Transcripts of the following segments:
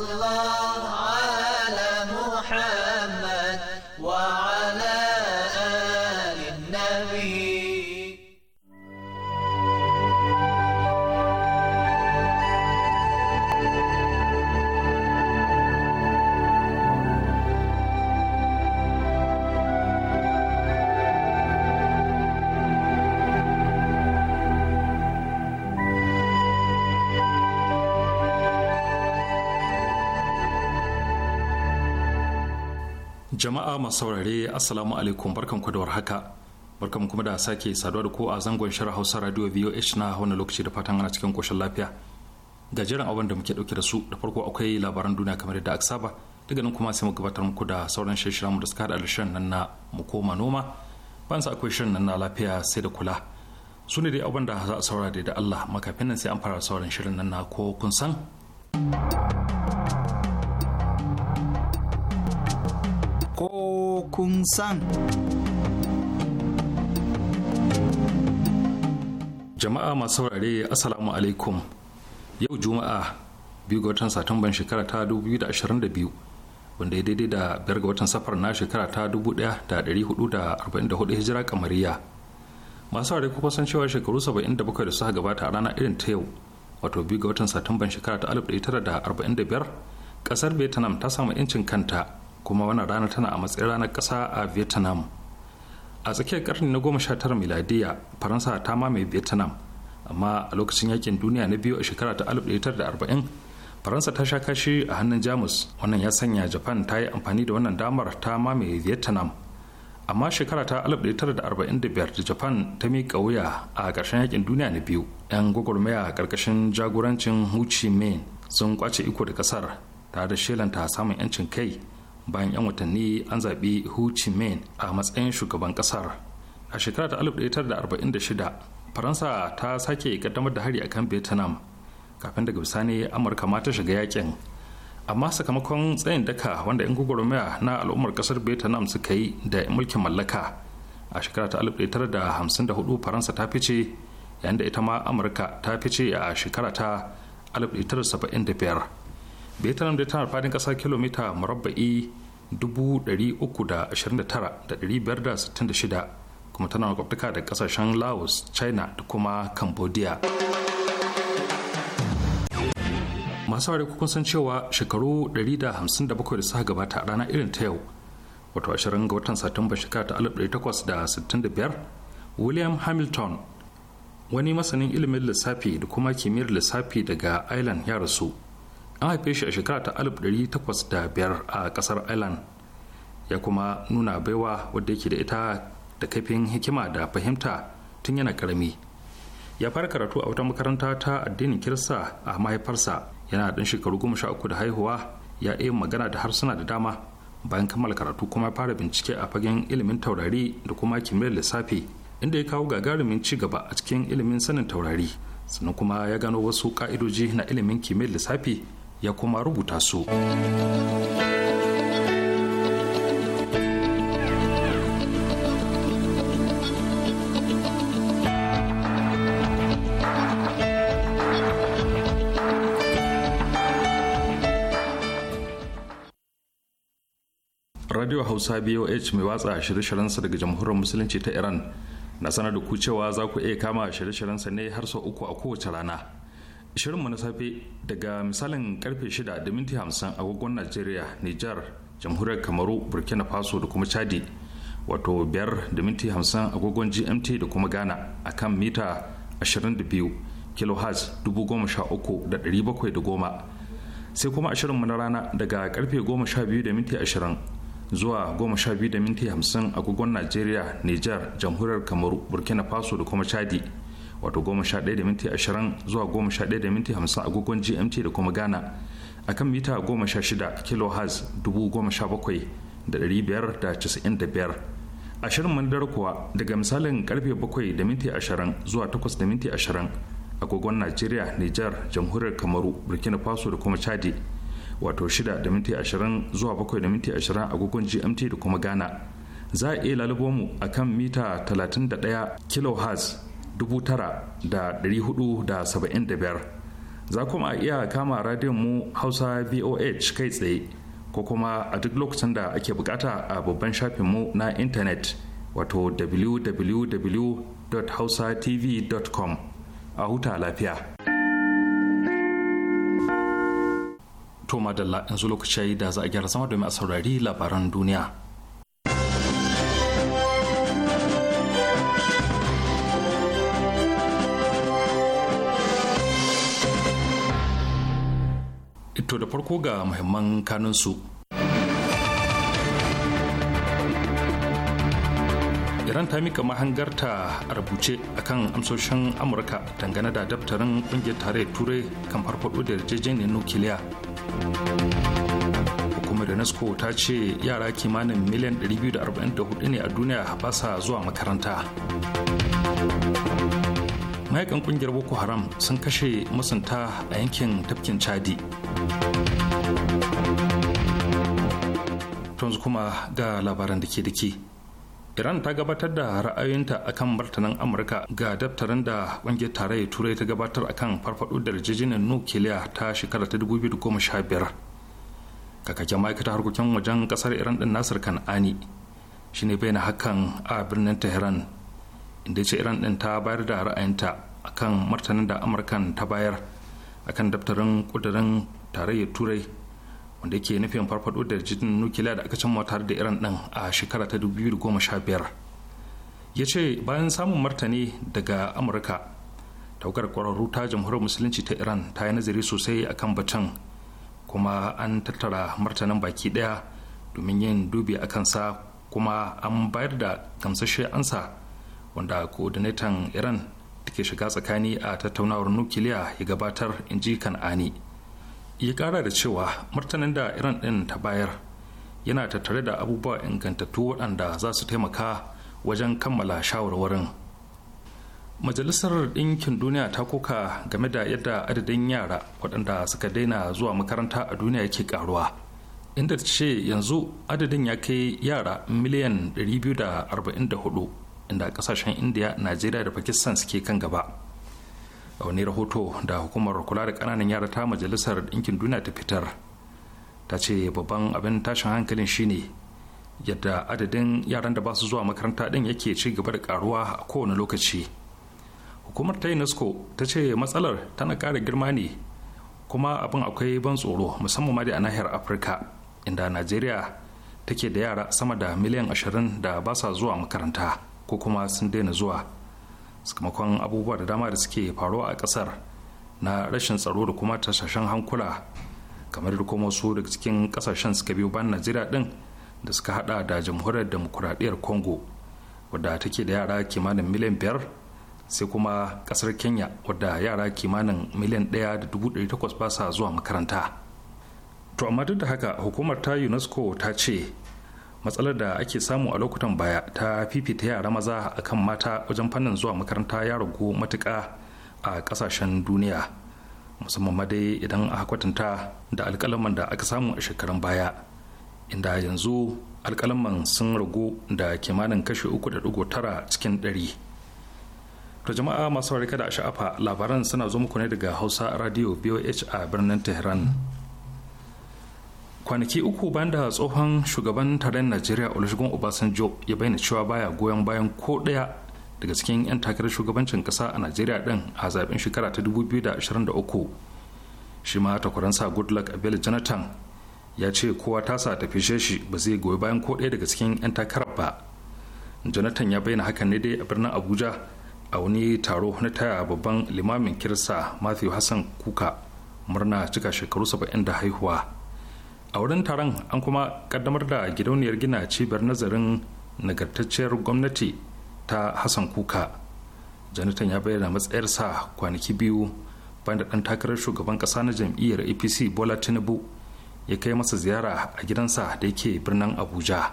illallah jama'a masu saurare assalamu alaikum barkan ku da warhaka barkan kuma da sake saduwa da ku a zangon shirin hausa radio voh na wani lokaci da fatan ana cikin koshin lafiya ga jiran abin da muke dauke da su da farko akwai labaran duniya kamar yadda aka saba daga nan kuma sai mu gabatar muku da sauran shirin da suka da shirin nan na mu koma noma sa akwai shirin nan na lafiya sai da kula su ne dai abin da za a saurare da Allah makafin nan sai an fara sauran shirin nan na ko kun san kun san. Jama'a masu saurare Assalamu alaikum yau Juma'a biyu ga watan Satumban shekara ta 2022 wanda ya daidai da biyar ga watan safar na shekara ta 1444 hijira kamariya. Masu saurare kuma san cewa shekaru 77 da suka gabata a rana irin ta yau wato biyu ga watan Satumban shekara ta 1945 kasar Vietnam ta samu 'yancin kanta kuma wannan rana tana a matsayin ranar ƙasa a vietnam a tsakiyar karni na goma sha tara miladiya faransa ta mamaye vietnam amma a lokacin yakin duniya na biyu a shekara ta 1940 faransa ta sha kashi a hannun jamus wannan ya sanya japan ta yi amfani da wannan damar ta mamaye vietnam amma shekara ta 1945 da japan ta miƙa wuya a ƙarshen yakin duniya na biyu 'yan gwagwarmaya a ƙarƙashin jagorancin hu chi sun kwace iko da ƙasar tare da shelanta samun 'yancin kai bayan 'yan watanni an zaɓi hu chi minh a matsayin shugaban ƙasar a shekara ta 1946 faransa ta sake kaddamar da hari a kan vietnam kafin daga bisani amurka ma ta shiga yakin amma sakamakon tsayin daka wanda 'yan gwagwarmaya na al'ummar ƙasar vietnam suka yi da mulkin mallaka a shekara ta 1954 faransa ta fice yayin da ita ma amurka ta fice a shekara ta 1975 vietnam da tana fadin ƙasa kilomita murabba'i 329,566 kuma tana makwabtaka da ƙasashen laos china da kuma cambodia masu ware kukun san cewa shekaru 157 da suka gabata a ranar irin ta yau wato 20 ga watan satumba shekarar ta 1865 william hamilton wani masanin ilimin lissafi da kuma kimiyyar lissafi daga ireland ya rasu an haife shi a shekara ta 1805 a kasar ireland ya kuma nuna baiwa wadda yake da ita da kaifin hikima da fahimta tun yana karami ya fara karatu a wata makaranta ta addinin kirista a mahaifarsa yana ɗan shekaru goma sha uku da haihuwa ya iya magana da harsuna da dama bayan kammala karatu kuma ya fara bincike a fagen ilimin taurari da kuma kimiyyar lissafi inda ya kawo gagarumin ci gaba a cikin ilimin sanin taurari sannan kuma ya gano wasu ka'idoji na ilimin kimiyyar lissafi ya kuma rubuta su. radio hausa boh mai watsa shirye-shiryensa daga jamhuriyar musulunci ta iran na sanar da ku cewa za ku iya kama shirye sa ne har sau uku a kowace rana shirinmu na safe daga misalin karfe 6 da minti 50 agogon najeriya nijar jamhuriyar kamaru burkina faso da kuma chadi wato 5 da minti 50 agogon gmt da kuma ghana a kan mita 22 kilohertz 13710 sai kuma shirinmu na rana daga karfe 12 da minti 20 zuwa 12 da minti 50 agogon najeriya nijar jamhuriyar kamaru burkina faso da kuma chadi wato 11:20 zuwa 11:50 agogon gmt da kuma ghana a kan mita 16 kilohertz 17,595 a shirin mandar kuwa daga misalin karfe 7 da minti 20 zuwa 8 da minti 20 agogon nigeria niger jamhuriyar kamaru burkina faso da kuma chadi wato 6 da minti 20 zuwa 7 da minti 20 agogon gmt da kuma ghana za a iya lalubo mu a kan mita 31 kilohertz 9475 za kuma iya kama radiyon mu hausa voh kai tsaye ko kuma a duk lokacin da ake bukata a babban mu na intanet wato www.hausatv.com a huta lafiya. To madalla yanzu lokacin da za a gyara sama domin a saurari labaran duniya. To da farko ga muhimman kanunsu. Iran ta mika mahangarta a rubuce akan amsoshin Amurka dangane da daftarin ƙungiyar tarayyar Turai kan farfaɗo da yarjejeniyar nukiliya. Hukumar UNESCO ta ce yara kimanin miliyan 244 ne a duniya ba sa zuwa makaranta. mayakan ƙungiyar boko haram sun kashe masunta a yankin tafkin chadi yanzu kuma ga labaran da ke da iran ta gabatar da ra'ayoyinta akan martanin amurka ga daftarin da ƙungiyar tarayyar turai ta gabatar akan farfaɗo da rijijinin nukiliya ta shekara ta 2015 kakakken ma'aikatar harkokin wajen kasar iran din nasir ani shi ne bayyana hakan a birnin tehran inda ce iran ɗin ta bayar da ra'ayinta akan martanin da amurkan ta bayar akan daftarin ƙudurin tarayyar turai wanda ke nufin farfado da jirgin nukiliya da aka cimma tare da iran din a shekara ta 2015 ya ce bayan samun martani daga amurka taukar kwararru ta jamhuriyar musulunci ta iran ta yi nazari sosai akan batun kuma an tattara martanin baki daya domin yin dubi a kansa kuma an bayar da gamsashe ansa wanda coordinator iran da ke shiga tsakani a tattaunawar nukiliya ya gabatar in ji kan'ani ya kara da cewa martanin da iran din ta bayar yana tattare da abubuwa ingantattu waɗanda za su taimaka wajen kammala shawarwarin majalisar ɗinkin duniya ta koka game da yadda adadin yara waɗanda suka daina zuwa makaranta a duniya yake karuwa inda ta ce yanzu adadin ya kai yara miliyan 244 inda ƙasashen indiya najeriya da pakistan suke kan gaba a wani rahoto da hukumar kula da kananan yara ta majalisar ɗinkin duniya ta fitar ta ce babban abin tashin hankalin shine yadda adadin yaran da ba su zuwa makaranta ɗin yake ci gaba da karuwa a kowane lokaci hukumar ta unesco ta ce matsalar tana ƙara girma ne kuma abin akwai ban tsoro musamman ma da a nahiyar afirka inda najeriya take da yara sama da miliyan ashirin da ba sa zuwa makaranta ko kuma sun daina zuwa sakamakon abubuwa da dama da suke faruwa a kasar na rashin tsaro da kuma tashashen hankula kamar da kuma su daga cikin kasashen suka biyo ban najeriya din da suka hada da jamhuriyar demokuraɗiyyar congo wadda take da yara kimanin miliyan biyar sai kuma kasar kenya wadda yara kimanin miliyan ɗaya da dubu ɗari takwas ba sa zuwa makaranta to amma duk da haka hukumar ta unesco ta ce matsalar da ake samu a lokutan baya ta fifita yara maza akan mata wajen fannin zuwa makaranta ya ragu matuƙa a ƙasashen duniya musamman ma dai idan aka kwatanta da alƙalaman da aka samu a shekarun baya inda yanzu alƙalaman sun ragu da kimanin kashi tara cikin ɗari. To jama'a masu kada a sha'afa labaran suna zo muku ne daga Hausa Radio BOH a birnin Tehran. kwanaki uku bayan da tsohon shugaban tarayyar najeriya olusegun obasanjo ya bayyana cewa baya goyon bayan ko ɗaya daga cikin 'yan takarar shugabancin ƙasa a najeriya din a zaben shekara ta 2023 shi ma takwaransa goodluck abel jonathan ya ce kowa tasa ta fishe shi ba zai goyi bayan ko ɗaya daga cikin 'yan takarar ba jonathan ya bayyana hakan ne dai a birnin abuja a wani taro na taya babban limamin kirista matthew hassan kuka murna cika shekaru saba'in da haihuwa a wurin taron an kuma kaddamar da gidauniyar gina cibiyar nazarin nagartacciyar gwamnati ta hassan kuka janatan ya bayyana matsayarsa kwanaki biyu bayan da ɗan takarar shugaban ƙasa na jam'iyyar apc bola tinubu ya kai masa ziyara a gidansa da yake birnin abuja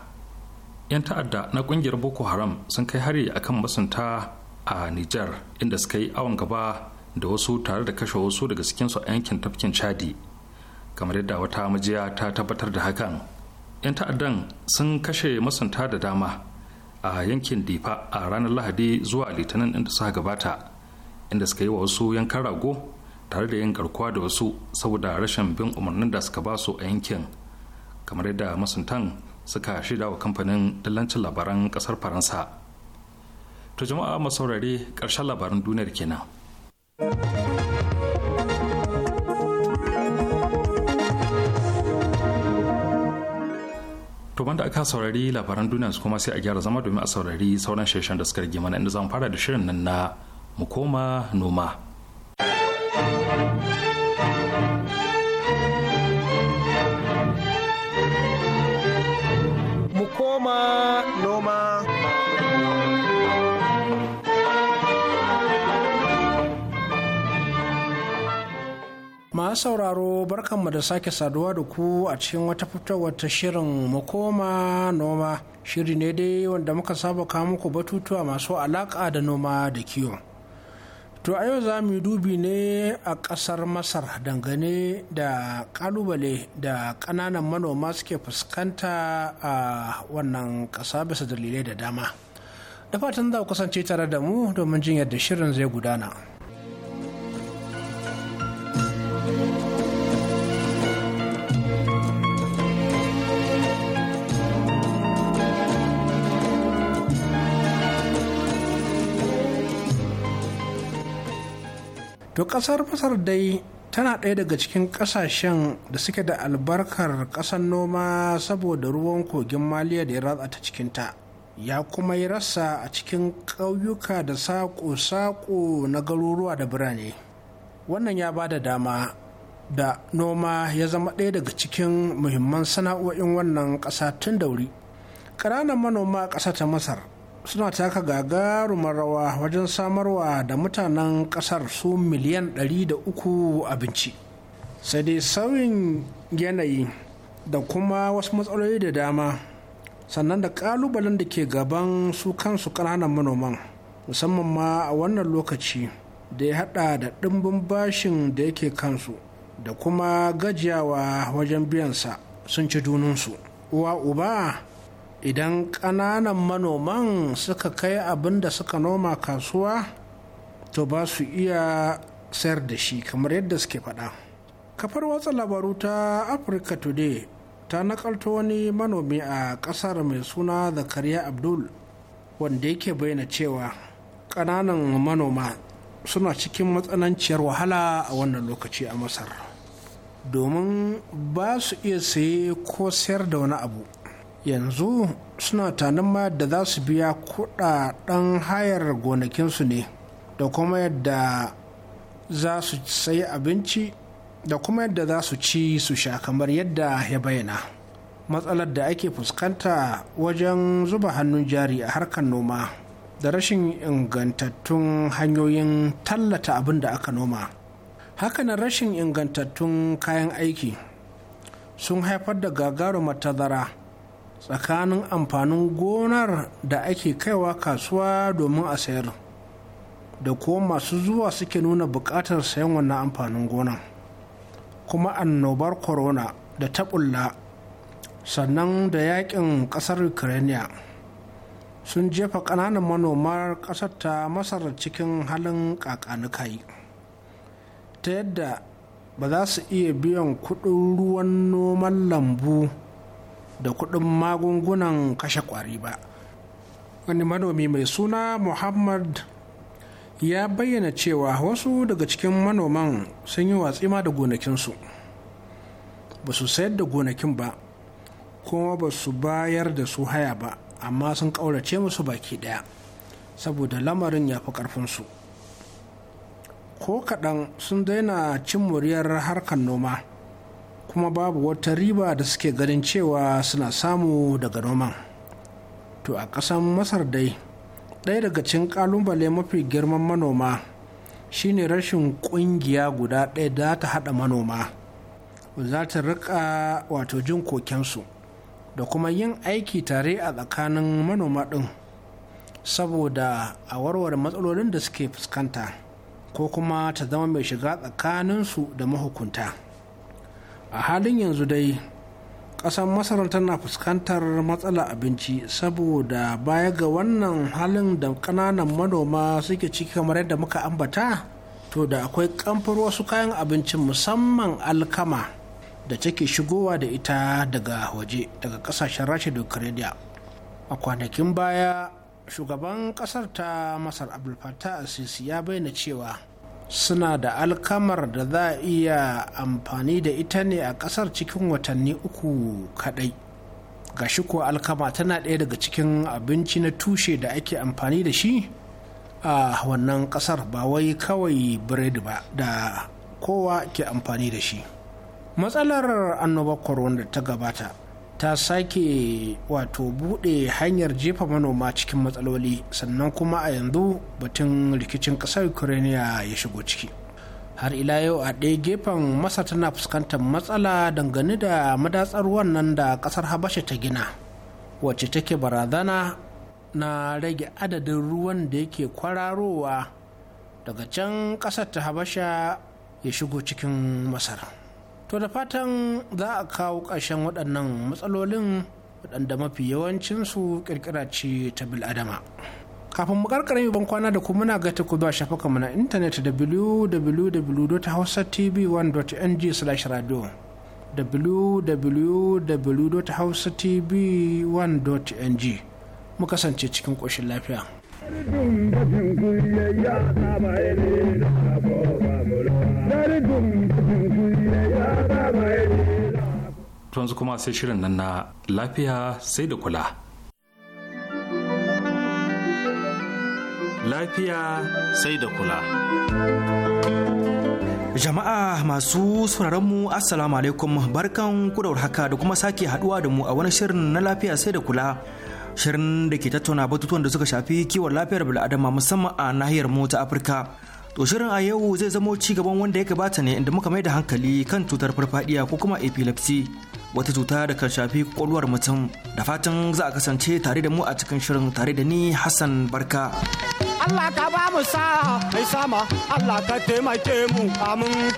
'yan ta'adda na ƙungiyar boko haram sun kai hari akan masunta a niger inda suka yi awon gaba da wasu tare da kashe wasu daga cikinsu a yankin tafkin chadi kamar yadda wata majiya ta tabbatar da hakan 'yan ta'addan sun kashe masunta da dama a yankin difa a ranar lahadi zuwa litinin inda suka gabata inda suka yi wa wasu yankan rago tare da yin garkuwa da wasu saboda rashin bin umarnin da suka basu a yankin kamar yadda masuntan suka shida wa kamfanin dillancin labaran kasar faransa to jama'a masaurare karshen labaran duniyar kenan. to banda aka saurari labaran duniya su kuma sai a gyara zama domin a saurari sauran shirin da suka rage mana inda zan fara da shirin nan na mu koma noma sauraro barkanmu da sake saduwa da ku a cikin wata fitowar ta shirin makoma noma shiri ne dai wanda muka saba kawo muku batutuwa masu alaƙa da noma da kiwo to a yau za mu yi dubi ne a ƙasar masar dangane da ƙalubale da ƙananan manoma suke fuskanta a wannan ƙasa bisa dalilai da dama da fatan za ku kasance tare da mu domin jin yadda shirin zai gudana. to ƙasar masar dai tana ɗaya daga cikin ƙasashen da suke da albarkar ƙasar noma saboda ruwan kogin maliya da ya ratsa ta cikinta ya kuma yi rasa a cikin ƙauyuka da saƙo-saƙo na garuruwa da birane wannan ya ba da dama da noma ya zama ɗaya daga cikin muhimman sana'o'in wannan ƙasa tun da wuri ƙananan manoma a ƙasa ta masar suna taka gagarumar rawa wajen samarwa da mutanen kasar su miliyan 300 abinci sai dai sauyin yanayi da kuma wasu matsaloli da dama sannan da kalubalen da ke gaban su kansu kananan manoman musamman ma a wannan lokaci da ya hada da ɗimbin bashin da yake kansu da kuma gajiyawa wajen biyansa sun ci dununsu uwa uba idan ƙananan manoman suka kai abin da suka noma kasuwa to ba su iya sayar da shi kamar yadda suke faɗa kafar watsa labaru ta africa today ta nakalto wani manomi a ƙasar mai suna zakariya abdul wanda yake bayyana cewa ƙananan manoma suna cikin matsananciyar wahala a wannan lokaci a masar domin ba su iya saye ko sayar da wani abu yanzu suna tanan ma da za su biya kudaden hayar gonakinsu ne da kuma yadda za su sayi abinci da kuma yadda za su ci su sha kamar yadda ya bayyana matsalar da ake fuskanta wajen zuba hannun jari a harkar noma da rashin ingantattun hanyoyin tallata abin da aka noma hakanan rashin ingantattun kayan aiki sun haifar da gagarumar tazara tsakanin amfanin gonar da ake kaiwa kasuwa domin a sayar da kuma masu zuwa suke nuna buƙatar sayan wannan amfanin gonar kuma annobar corona da ta sannan da yakin ƙasar ukraine sun jefa ƙananan manomar ƙasar ta masar cikin halin ƙaƙanukai ta yadda ba za su iya biyan kuɗin ruwan noman lambu da kuɗin magungunan kashe ƙwari ba wani manomi mai suna muhammad ya bayyana cewa wasu daga cikin manoman sun yi watsi ma da gonakinsu ba su sayar da gonakin ba kuma ba su bayar da su haya ba amma sun ƙaurace musu baki ɗaya saboda lamarin ya fi ƙarfinsu ko kaɗan sun daina cin muryar harkar noma kuma babu wata riba da suke ganin cewa suna samu daga noman to a ƙasan masar dai ɗaya daga cin ƙalubale mafi girman manoma shine rashin ƙungiya guda ɗaya da ta haɗa manoma za ta rika wato jin kokensu da kuma yin aiki tare a tsakanin manoma ɗin saboda a warware matsalolin da suke fuskanta ko kuma ta zama mai shiga tsakaninsu da mahukunta. a halin yanzu dai ƙasar masar tana fuskantar matsala abinci saboda baya ga wannan halin da ƙananan manoma suke ciki kamar yadda muka ambata to da akwai kamfar wasu kayan abincin musamman alkama da take shigowa da ita daga waje daga ƙasashen rasha da ukraine a kwanakin baya shugaban ƙasar ta masar abdulfatah asisi ya bayyana cewa suna da alkamar da za a iya amfani da ita ne a ƙasar cikin watanni uku kaɗai shi ko alkama tana ɗaya daga cikin abinci na tushe da ake amfani da shi a wannan ƙasar ba wai kawai biredi ba da kowa ke amfani da shi matsalar annobar da ta gabata ta sake wato buɗe hanyar jefa manoma cikin matsaloli sannan kuma a yanzu batun rikicin ƙasar ukraine ya shigo ciki har ila yau a ɗaya gefen masa tana fuskantar matsala dangane da madatsar wannan da ƙasar habasha ta gina wacce take barazana na rage adadin ruwan da yake kwararowa daga can ƙasar ta habasha ya shigo cikin masar. to da fatan za a kawo ƙarshen waɗannan matsalolin waɗanda mafi yawancinsu ƙirƙira ce ta bil'adama kafin mu karkare ban kwana da kuma na ga ta kudu a shafukanmu na intanet www.hausatv1.ng/radio www.hausatv1.ng mu kasance cikin ƙoshin lafiya. Dari dum dum yanzu kuma sai shirin nan na lafiya sai da kula. Lafiya sai da kula. Jama'a masu mu Assalamu alaikum barkan ku da haka da kuma sake haduwa da mu a wani shirin na lafiya sai da kula. Shirin da ke tattauna batutuwan da suka shafi kiwon lafiyar bil'adama musamman a nahiyar mu ta Afirka. To shirin a yau zai zamo ci gaban wanda ya gabata ne inda muka mai da hankali kan cutar farfadiya ko kuma epilepsy wata cuta da kan shafi kwakwalwar mutum da fatan za a kasance tare da mu a cikin shirin tare da ni Hassan Barka. Allah ka ba mu sa'a mai sama Allah ka taimake mu amin.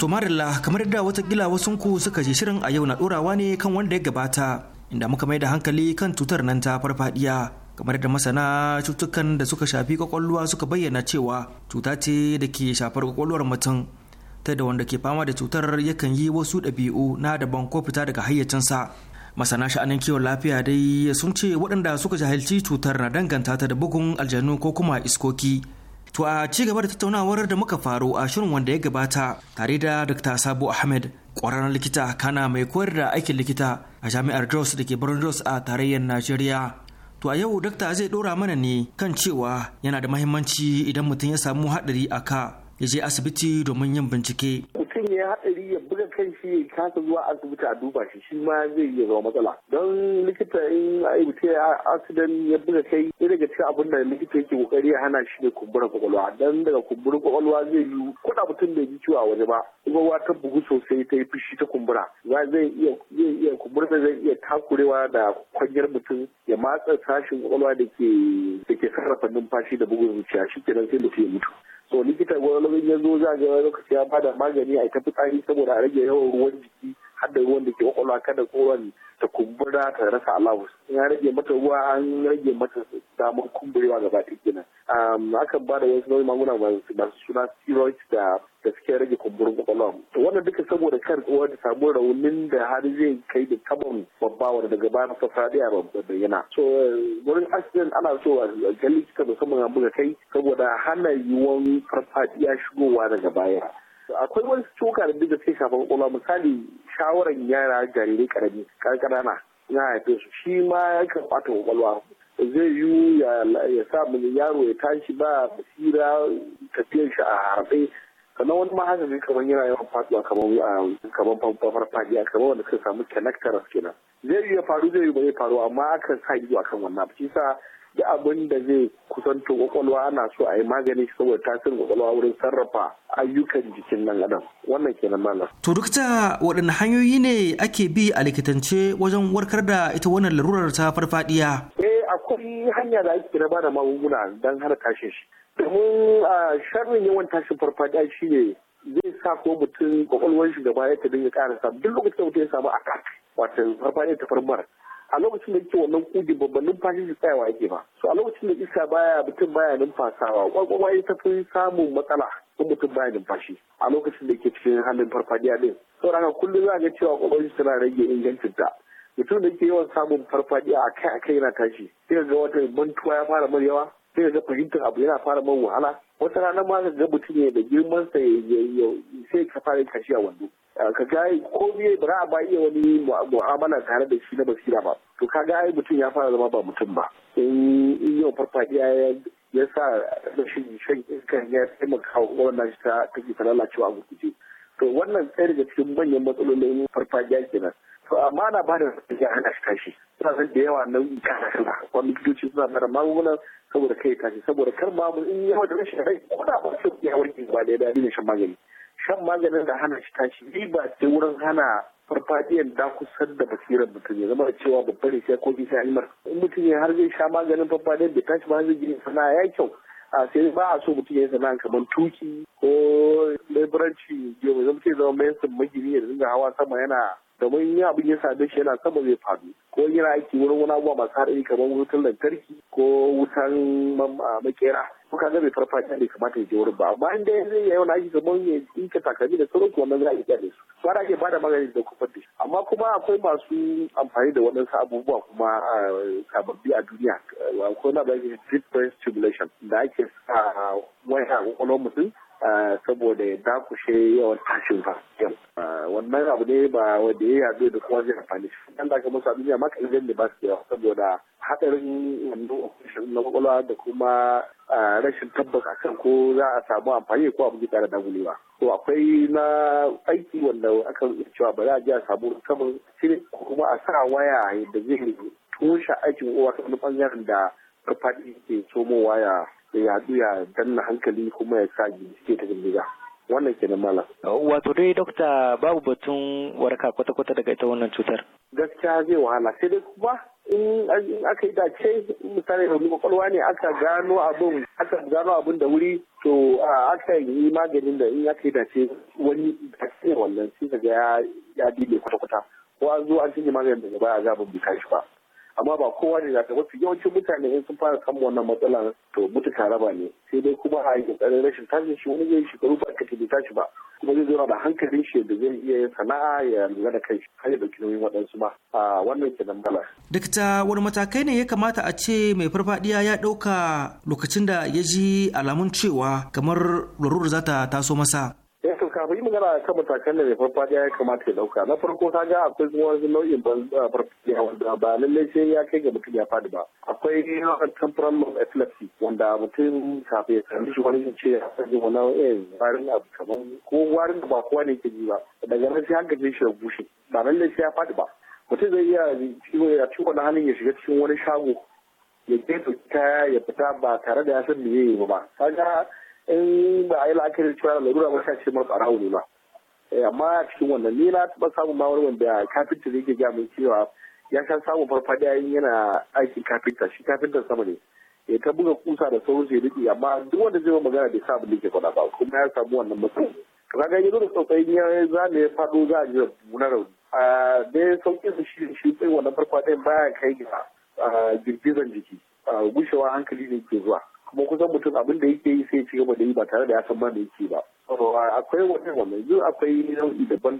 To marilla kamar da watakila ku suka je shirin a yau na dorawa ne kan wanda ya gabata inda muka mai da hankali kan cutar nan ta farfadiya kamar da masana cutukan da suka shafi kwakwalwa suka bayyana cewa cuta ce da ke shafar kwakwalwar mutum ta da wanda ke fama da cutar yakan yi wasu ɗabi'u na daban ko fita daga hayyacinsa masana sha'anin kiwon lafiya dai sun ce waɗanda suka jahilci cutar na danganta ta da bugun aljanu ko kuma iskoki To a ci gaba da tattaunawar da muka faru a shirin wanda ya gabata tare da Dr. Sabo Ahmed ƙwararren likita kana mai koyar da aikin likita a jami'ar Jos da ke birnin Jos a tarayyar Najeriya To a yau dakta zai dora mana ne kan cewa yana da mahimmanci idan mutum ya samu haɗari a ka ya je asibiti domin yin bincike. Mutum ya haɗari ya kan shi ya kasa zuwa asibiti a duba shi shi ma zai iya zama matsala don likita in aibuta ya asidan ya buga kai ya daga cikin abin da likita yake kokari ya hana shi ne kumbura kwakwalwa don daga kumburin kwakwalwa zai yi kuɗa mutum da ya ji ciwo a waje ba kwakwalwa ta bugu sosai ta yi fushi ta kumbura zai iya zai iya kumburin zai iya takurewa da kwanyar mutum ya matsa sashin kwakwalwa da ke da ke sarrafa numfashi da bugun zuciya shi kenan sai mutum ya mutu so likita wani ya zo za ga wani lokaci ya bada magani a ta fitsari saboda a rage yawan ruwan jiki har da ruwan da ke kwakwalwa kada ko wani ta kumbura ta rasa alawus in ya rage mata ruwa an rage mata damar kumburewa ga baki gina akan ba da wasu nau'in maguna masu suna steroid da da suke rage kumburin kwakwalwa wannan duka saboda kar uwa da samu raunin da har zai kai da tabon babba wanda daga baya masa fadiya ba bayyana so wurin accident ana so a ga likita musamman a buga kai saboda hana yiwuwar farfadiya shigowa daga baya akwai wani cuka da duka suke shafa kwakwalwa misali shawaran yara jarirai karami karkarana na haife su shi ma ya kan ɓata kwakwalwa zai yi ya sa yaro ya tashi ba basira tafiyar shi a harfe sannan wani ma haka kamar yana yawan fatuwa kamar ah, kamar fadiya kamar wanda suka samu connector kenan zai ya faru zai yi ba zai faru amma akan sa ido akan wannan shi sa duk abin da zai kusanto kwakwalwa ana so a yi magani saboda tasirin kwakwalwa wurin sarrafa ayyukan jikin nan adam wannan ke nan malam. to dukta waɗanne hanyoyi ne ake bi a likitance wajen warkar da ita wannan larurar ta farfadiya. eh akwai hanya da ake na bada magunguna don hana tashin shi domin ah, sharrin yawan tashin farfadiya shi ne zai sa ko mutum kwakwalwar shi gaba ya ta dinga ƙara duk lokacin da mutum ya samu attack wato farfadiya ta farmar a lokacin da yake wannan kudi, babban numfashi shi tsayawa yake ba so a lokacin da iska baya mutum baya numfasawa kwakwalwa ya tafi samun matsala in mutum baya numfashi a lokacin da ke cikin halin farfadiya din saboda haka kullum za ga cewa kwakwalwa suna rage ingancin ta mutum da yake yawan samun farfadiya a kai a kai yana tashi sai ga wata mantuwa ya fara mar yawa sai ga fahimtar abu yana fara man wahala wata rana ma ga mutum ne da girman sa ya sai ka fara kashi a wando ka ga ko biye ba za a ba wani mu'amala tare da shi na basira ba to ka ga ai mutum ya fara zama ba mutum ba in yau farfadiya ya sa rashin shan iska ya taimaka wa wannan shi ta kake ta lalacewa a gurguje to wannan tsaye daga cikin manyan matsalolin farfadiya kenan to amma ana ba da ya hana shi tashi suna san da yawa nan kana suna wani likitoci suna mara magungunan saboda kai tashi saboda kar ma in yawa da rashin rai ko da ba su ya warke ba da ya dadi shan magani shan maganin da hana shi tashi riba sai wurin hana farfadiyan da kusar da basirar mutum ya zama cewa babban sai ko bisa almar in mutum ya har zai sha maganin farfadiyan da tashi ba zai gina sana'a ya kyau a sai ba a so mutum ya sana'a kamar tuki ko leburanci yau zama ce zama mai sun magini ya dinga hawa sama yana domin yin abin ya same shi yana sama zai faru ko yana aiki wurin wani abuwa masu haɗari kamar wutan lantarki ko wutan makera ko ka bai farfaɗiya ne kamata ya je wurin ba amma in dai zai yi yawan aiki kamar ya dinka takalmi da sauran kuma za a iya da su ba da ake da magani da kuma da amma kuma akwai masu amfani da waɗansu abubuwa kuma sababbi a duniya akwai na bayan deep brain stimulation da ake sa waya a kwakwalwar mutum saboda ya dakushe yawan tashin fasiyan wannan abu ne ba wanda ya yaɗu da kuma zai amfani shi dan da kamar a ne maka idan ne ba su yawa saboda hadarin wannan operation na kwakwalwa da kuma rashin tabbas a kan ko za a samu amfani ko abu zai da dagulewa to akwai na aiki wanda aka cewa ba za a je a samu saman shirin kuma a sa waya yadda zai tushe aikin uwa ta wani bangaren da farfaɗi ke tsomowa ya ya haɗu ya danna hankali kuma ya sa ginsike ta gindiga wannan kenan malam. wato dai dokta babu batun warka kwata-kwata daga ita wannan cutar. gaskiya zai wahala sai dai kuma in aka yi dace misali da kwakwalwa ne aka gano abin aka gano abin da wuri to aka yi maganin da in aka yi dace wani dace wannan sai ga ya dibe kwata-kwata ko an zo an cinye maganin daga baya ga abin bai shi ba. amma ba kowa ne zaka mafi yawancin mutane in sun fara samun wannan matsalar to mutuka raba ne sai dai kuma a yi kokarin rashin tashin shi wani zai shekaru ba ka tafi tashi ba kuma zai zauna da hankalin shi da zai iya sana'a ya lura da kai har ya dauki nauyin waɗansu ma a wannan kenan bala. dakta wani matakai ne ya kamata a ce mai farfadiya ya ɗauka lokacin da ya ji alamun cewa kamar larurar za ta taso masa. ya eh, to kafin yi magana kan matakan da farfa ya kamata ya dauka na farko ka ga akwai zuwa wani nau'in ah, farfadiya wanda ba lallai sai ya kai ga mutum ya fadi ba akwai temporal epilepsy wanda mutum kafin ya sami shi wani ce ya sani wani nau'in warin abu kamar ko warin da ba kowa ne ke ji ba daga nan sai hankali shi ya bushe ba lallai sai ya fadi ba mutum zai iya ya ci wani hannun ya shiga cikin wani shago ya je ta ya fita ba tare da ya san me ya yi ba ga in ba a yi la'akari cewa da larura ba sai ce ma tsara ne ba amma a cikin wannan ni na taɓa samun ma wani wanda kafinta zai ke cewa ya sha samun farfadiya yana aikin kafinta shi kafinta sama ne ya ta buga kusa da sauran zai riƙe amma duk wanda zai magana bai sa abin da ke faɗa ba kuma ya samu wannan matsayi to kaga yanzu da tsautsayin ya ne faɗo za a ji na rauni a da sauƙi su shi shi tsayin wannan farfadiyan baya kai ga girgizan jiki gushewa hankali ne ke zuwa kuma kusan mutum abin da yake yi sai ci gaba da yi ba tare da ya san da yake ba akwai wani wanda yanzu akwai nau'i daban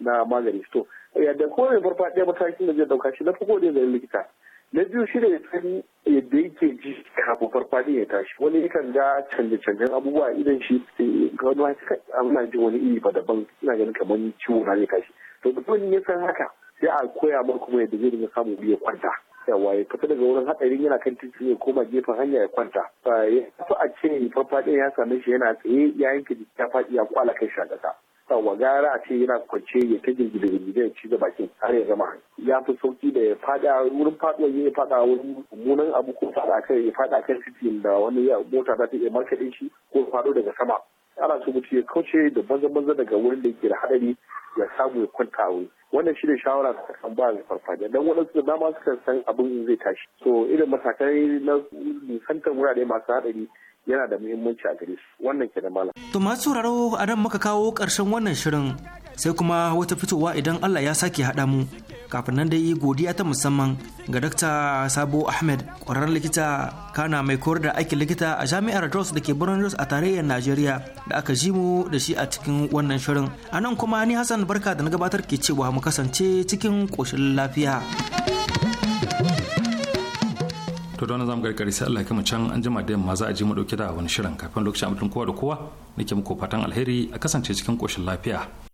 na magani to yadda kowane farfaɗiya matakin da zai dauka shi na farko ne zai likita na biyu shi da ya yadda yake ji kafin farfadi ya tashi wani yakan ga canje-canjen abubuwa idan shi wani ma ana jin wani iri ba daban ina ganin kamar ciwo na ne kashi to wani ya san haka sai a koya ma kuma yadda zai dinga samun biya kwanta yawa ya fita daga wurin hadarin yana kan titi ya koma gefen hanya ya kwanta ya fi a ce farfaɗin ya same shi yana tsaye ya yanke jiki ya faɗi ya kwala kai shi a ƙasa yawa gara a ce yana kwance ya ta girgida girgida ya ci da bakin har ya zama ya fi sauki da ya faɗa wurin faɗuwa ya faɗa wani mummunan abu ko faɗa kai ya faɗa kan titi da wani mota za ta iya markaɗin shi ko faɗo daga sama ana so mutum ya kauce da banza banza daga wurin da yake da hadari ya samu ya kwanta a wuri wannan shi ne shawara da kan ba da farfajiya dan waɗansu da dama suka san abin zai tashi so irin matakai na nisantar wurare masu hadari yana da muhimmanci a gare su wannan ke da malam. to masu sauraro a nan muka kawo karshen wannan shirin sai kuma wata fitowa idan Allah ya sake haɗa mu kafin nan dai godiya ta musamman ga Dr. Sabo Ahmed ƙwararren likita kana mai koyar da aikin likita a jami'ar Jos da ke birnin Jos a tarayyar Najeriya da aka ji mu da shi a cikin wannan shirin. A nan kuma ni Hassan Barka da na gabatar ke cewa mu kasance cikin ƙoshin lafiya. to don zamu karkari sai Allah kuma can an jima da yamma za a ji mu dauke da wani shirin kafin lokacin abin kowa da kowa nake muku fatan alheri a kasance cikin koshin lafiya